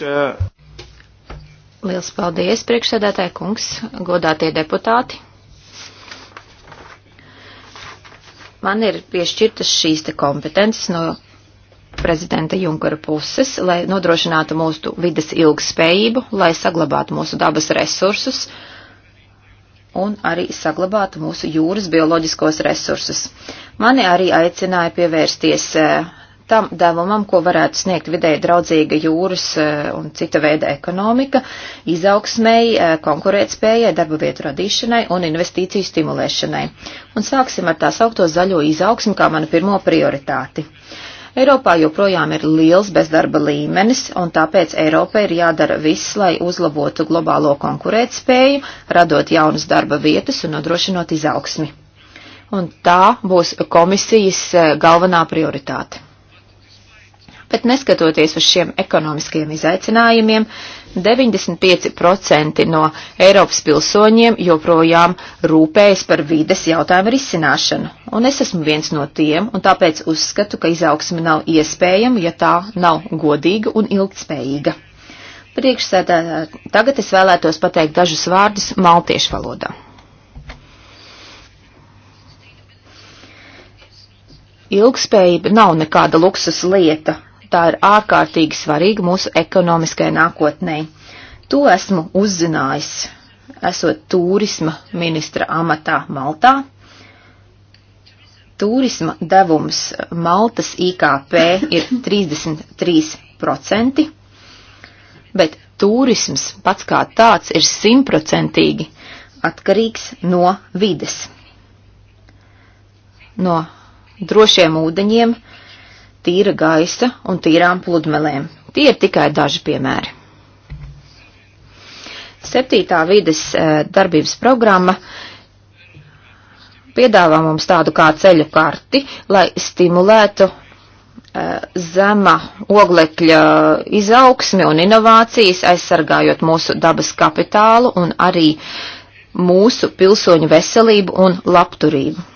much. Uh... Liels paldies, priekšsēdētāji kungs, godātie deputāti. Man ir piešķirtas šīs te kompetences no prezidenta Junkara puses, lai nodrošinātu mūsu vidas ilgspējību, lai saglabātu mūsu dabas resursus un arī saglabātu mūsu jūras bioloģiskos resursus. Mani arī aicināja pievērsties eh, tam devumam, ko varētu sniegt vidēji draudzīga jūras e, un cita veida ekonomika, izaugsmēji, e, konkurētspējai, darba vietu radīšanai un investīciju stimulēšanai. Un sāksim ar tā saukto zaļo izaugsmu kā manu pirmo prioritāti. Eiropā joprojām ir liels bezdarba līmenis, un tāpēc Eiropai ir jādara viss, lai uzlabotu globālo konkurētspēju, radot jaunas darba vietas un nodrošinot izaugsmi. Un tā būs komisijas e, galvenā prioritāte bet neskatoties uz šiem ekonomiskajiem izaicinājumiem, 95% no Eiropas pilsoņiem joprojām rūpējas par vides jautājumu risināšanu. Un es esmu viens no tiem, un tāpēc uzskatu, ka izaugsme nav iespējama, ja tā nav godīga un ilgtspējīga. Priekšsēdētāji, tagad es vēlētos pateikt dažus vārdus maltiešu valodā. Ilgspējība nav nekāda luksus lieta, tā ir ārkārtīgi svarīga mūsu ekonomiskajai nākotnē. To esmu uzzinājis, esot turisma ministra amatā Maltā. Turisma devums Maltas IKP ir 33%, bet turisms pats kā tāds ir simtprocentīgi atkarīgs no vides, no drošiem ūdeņiem, uh, tīra gaisa un tīrām pludmelēm. Tie ir tikai daži piemēri. Septītā vides e, darbības programma piedāvā mums tādu kā ceļu karti, lai stimulētu e, zema oglekļa izaugsmi un inovācijas, aizsargājot mūsu dabas kapitālu un arī mūsu pilsoņu veselību un labturību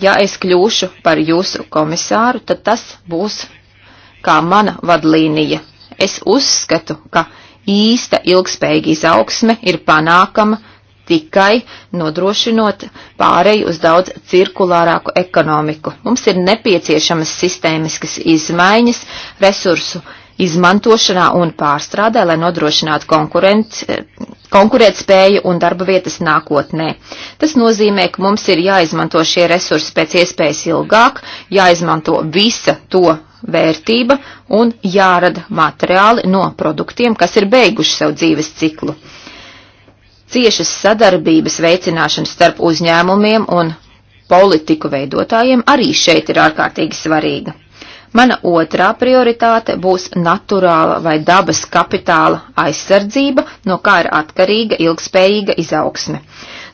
ja es kļūšu par jūsu komisāru, tad tas būs kā mana vadlīnija. Es uzskatu, ka īsta ilgspējīga izaugsme ir panākama tikai nodrošinot pāreju uz daudz cirkulārāku ekonomiku. Mums ir nepieciešamas sistēmiskas izmaiņas, resursu izmantošanā un pārstrādē, lai nodrošinātu konkurētspēju un darba vietas nākotnē. Tas nozīmē, ka mums ir jāizmanto šie resursi pēc iespējas ilgāk, jāizmanto visa to vērtība un jārada materiāli no produktiem, kas ir beiguši savu dzīves ciklu. Ciešas sadarbības veicināšana starp uzņēmumiem un politiku veidotājiem arī šeit ir ārkārtīgi svarīga. Mana otrā prioritāte būs naturāla vai dabas kapitāla aizsardzība, no kā ir atkarīga ilgspējīga izaugsme.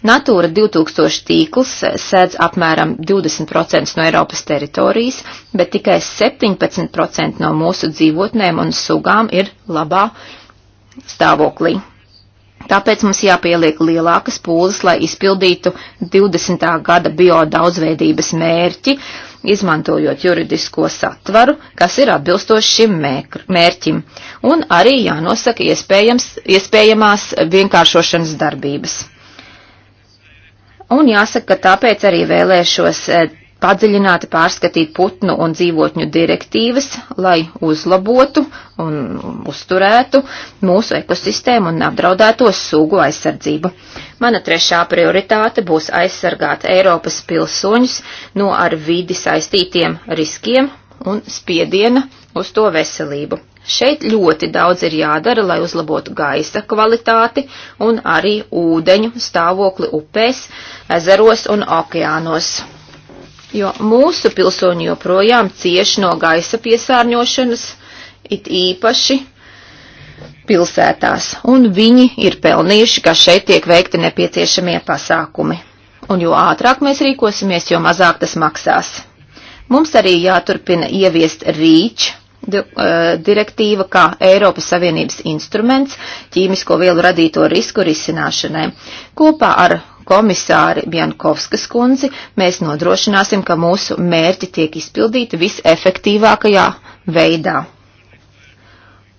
Natūra 2000 tīkls sēdz apmēram 20% no Eiropas teritorijas, bet tikai 17% no mūsu dzīvotnēm un sugām ir labā stāvoklī. Tāpēc mums jāpieliek lielākas pūles, lai izpildītu 20. gada biodaudzveidības mērķi, izmantojot juridisko satvaru, kas ir atbilstoši šim mērķim, un arī jānosaka iespējamās vienkāršošanas darbības. Un jāsaka, ka tāpēc arī vēlēšos eh, padziļināti pārskatīt putnu un dzīvotņu direktīvas, lai uzlabotu un uzturētu mūsu ekosistēmu un apdraudēto sugu aizsardzību. Mana trešā prioritāte būs aizsargāt Eiropas pilsoņus no ar vidi saistītiem riskiem un spiediena uz to veselību. Šeit ļoti daudz ir jādara, lai uzlabotu gaisa kvalitāti un arī ūdeņu stāvokli upēs, ezeros un okeānos. Jo mūsu pilsoņi joprojām cieš no gaisa piesārņošanas, it īpaši pilsētās, un viņi ir pelnījuši, ka šeit tiek veikti nepieciešamie pasākumi. Un jo ātrāk mēs rīkosimies, jo mazāk tas maksās. Mums arī jāturpina ieviest rīč eh, direktīva kā Eiropas Savienības instruments ķīmisko vielu radīto risku risināšanai. Kopā ar komisāri Bjankovskas kundzi mēs nodrošināsim, ka mūsu mērķi tiek izpildīti visefektīvākajā veidā.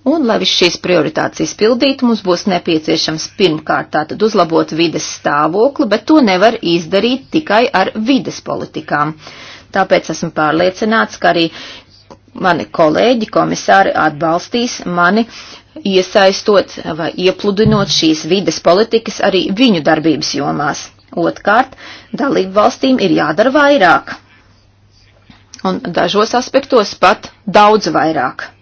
Un, lai viss šīs prioritātes izpildītu, mums būs nepieciešams pirmkārt tātad uzlabot vides stāvokli, bet to nevar izdarīt tikai ar vides politikām. Tāpēc esmu pārliecināts, ka arī mani kolēģi komisāri atbalstīs mani iesaistot vai iepludinot šīs vides politikas arī viņu darbības jomās. Otkārt, dalību valstīm ir jādara vairāk. Un dažos aspektos pat daudz vairāk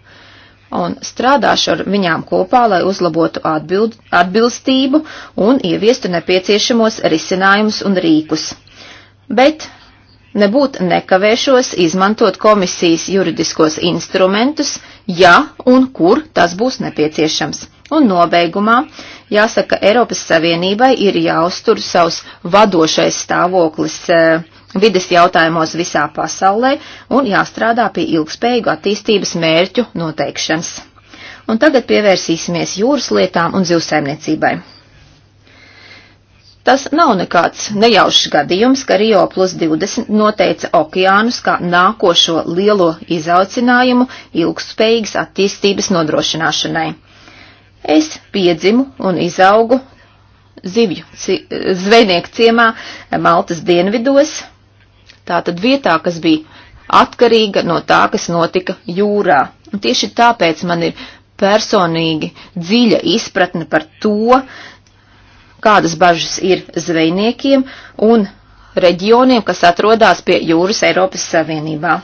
un strādāšu ar viņām kopā, lai uzlabotu atbild, atbilstību un ieviestu nepieciešamos risinājumus un rīkus. Bet nebūt nekavēšos izmantot komisijas juridiskos instrumentus, ja un kur tas būs nepieciešams. Un nobeigumā jāsaka, Eiropas Savienībai ir jāuztur savs vadošais stāvoklis. Eh, vides jautājumos visā pasaulē un jāstrādā pie ilgspējīgu attīstības mērķu noteikšanas. Un tagad pievērsīsimies jūras lietām un zivsaimniecībai. Tas nav nekāds nejaušs gadījums, ka Rio plus 20 noteica okeānus kā nākošo lielo izaicinājumu ilgspējīgas attīstības nodrošināšanai. Es piedzimu un izaugu zivju zvejnieku ciemā Maltas dienvidos, tātad vietā, kas bija atkarīga no tā, kas notika jūrā. Un tieši tāpēc man ir personīgi dziļa izpratne par to, kādas bažas ir zvejniekiem un reģioniem, kas atrodas pie jūras Eiropas Savienībā.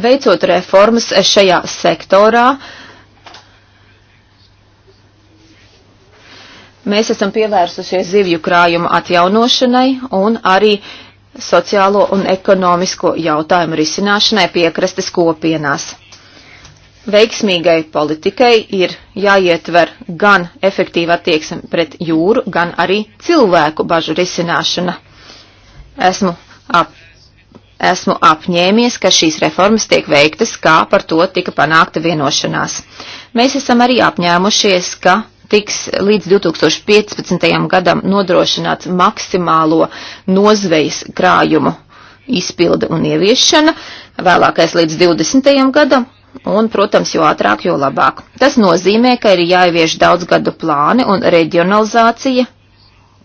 Veicot reformas šajā sektorā, uh, Mēs esam pievērsušies zivju krājuma atjaunošanai un arī sociālo un ekonomisko jautājumu risināšanai piekrastes kopienās. Veiksmīgai politikai ir jāietver gan efektīva attieksme pret jūru, gan arī cilvēku bažu risināšana. Esmu, ap, esmu apņēmies, ka šīs reformas tiek veiktas, kā par to tika panākta vienošanās. Mēs esam arī apņēmušies, ka tiks līdz 2015. gadam nodrošināts maksimālo nozvejas krājumu izpilde un ieviešana, vēlākais līdz 20. gadam, un, protams, jo ātrāk, jo labāk. Tas nozīmē, ka ir jāievieš daudzgadu plāni un reģionalizācija,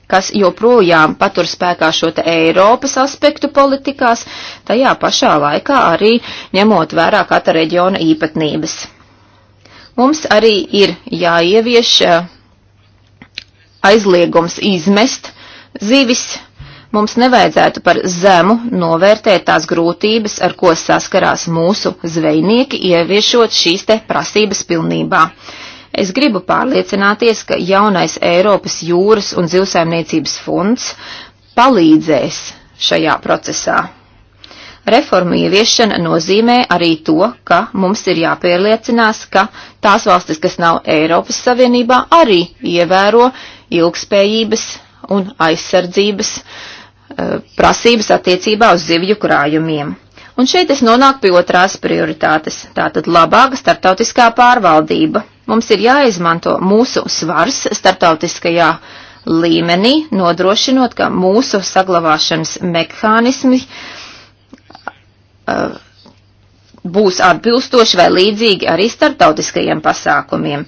kas joprojām patur spēkā šo te Eiropas aspektu politikās, tajā pašā laikā arī ņemot vērā katra reģiona īpatnības. Mums arī ir jāievieš e, aizliegums izmest zivis. Mums nevajadzētu par zemu novērtēt tās grūtības, ar ko saskarās mūsu zvejnieki, ieviešot šīs te prasības pilnībā. Es gribu pārliecināties, ka jaunais Eiropas jūras un zivsaimniecības fonds palīdzēs šajā procesā. Reformu ieviešana nozīmē arī to, ka mums ir jāpierliecinās, ka tās valstis, kas nav Eiropas Savienībā, arī ievēro ilgspējības un aizsardzības uh, prasības attiecībā uz zivju krājumiem. Un šeit es nonāku pie otrās prioritātes - tātad labāka starptautiskā pārvaldība. Mums ir jāizmanto mūsu svars starptautiskajā līmenī, nodrošinot, ka mūsu saglabāšanas mehānismi uh, uh, būs atbilstoši vai līdzīgi arī starptautiskajiem pasākumiem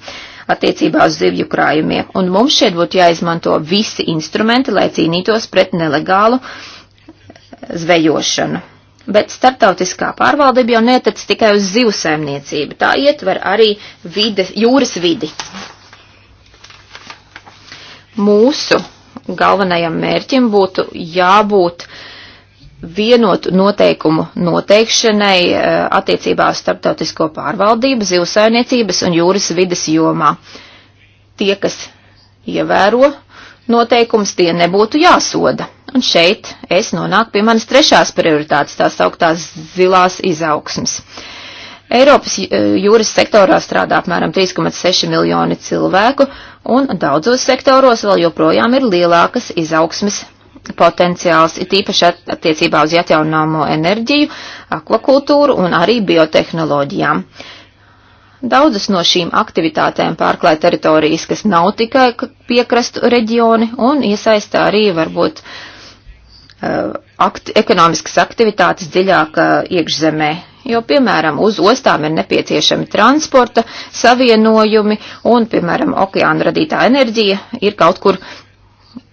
attiecībā uz zivju krājumiem, un mums šeit būtu jāizmanto visi instrumenti, lai cīnītos pret nelegālu zvejošanu. Bet starptautiskā pārvaldība jau netec tikai uz zivu saimniecību, tā ietver arī vide, jūras vidi. Mūsu galvenajam mērķim būtu jābūt uh, vienotu noteikumu noteikšanai eh, attiecībā uz starptautisko pārvaldību, zivsainiecības un jūras vides jomā. Tie, kas ievēro noteikums, tie nebūtu jāsoda. Un šeit es nonāku pie manas trešās prioritātes, tās augtās zilās izaugsmas. Eiropas eh, jūras sektorā strādā apmēram 3,6 miljoni cilvēku, un daudzos sektoros vēl joprojām ir lielākas izaugsmes potenciāls, it īpaši attiecībā uz atjaunāmo enerģiju, akvakultūru un arī biotehnoloģijām. Daudzas no šīm aktivitātēm pārklāj teritorijas, kas nav tikai piekrastu reģioni un iesaistā arī varbūt uh, akti ekonomiskas aktivitātes dziļāk iekšzemē, jo, piemēram, uz ostām ir nepieciešami transporta savienojumi un, piemēram, okeāna radītā enerģija ir kaut kur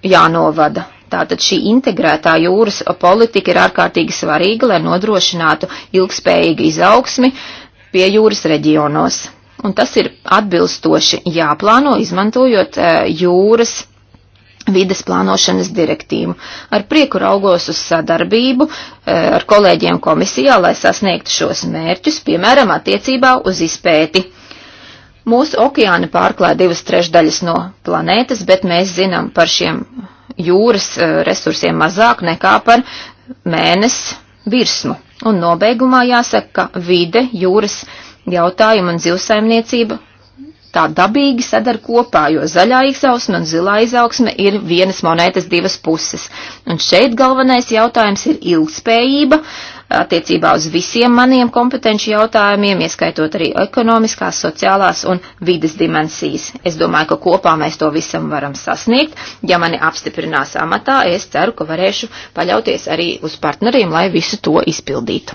jānovada. Tātad šī integrētā jūras politika ir ārkārtīgi svarīga, lai nodrošinātu ilgspējīgu izaugsmi pie jūras reģionos. Un tas ir atbilstoši jāplāno, izmantojot e, jūras vides plānošanas direktīvu. Ar prieku raugos uz sadarbību e, ar kolēģiem komisijā, lai sasniegtu šos mērķus, piemēram, attiecībā uz izpēti. Mūsu okeāni pārklāja divas trešdaļas no planētas, bet mēs zinām par šiem jūras eh, resursiem mazāk nekā par mēnesi virsmu. Un nobeigumā jāsaka, ka vide, jūras jautājumi un zivsaimniecība tā dabīgi sadar kopā, jo zaļā izaugsme un zilā izaugsme ir vienas monētas divas puses. Un šeit galvenais jautājums ir ilgspējība attiecībā uz visiem maniem kompetenci jautājumiem, ieskaitot arī ekonomiskās, sociālās un vides dimensijas. Es domāju, ka kopā mēs to visam varam sasniegt. Ja mani apstiprinās amatā, es ceru, ka varēšu paļauties arī uz partneriem, lai visu to izpildītu.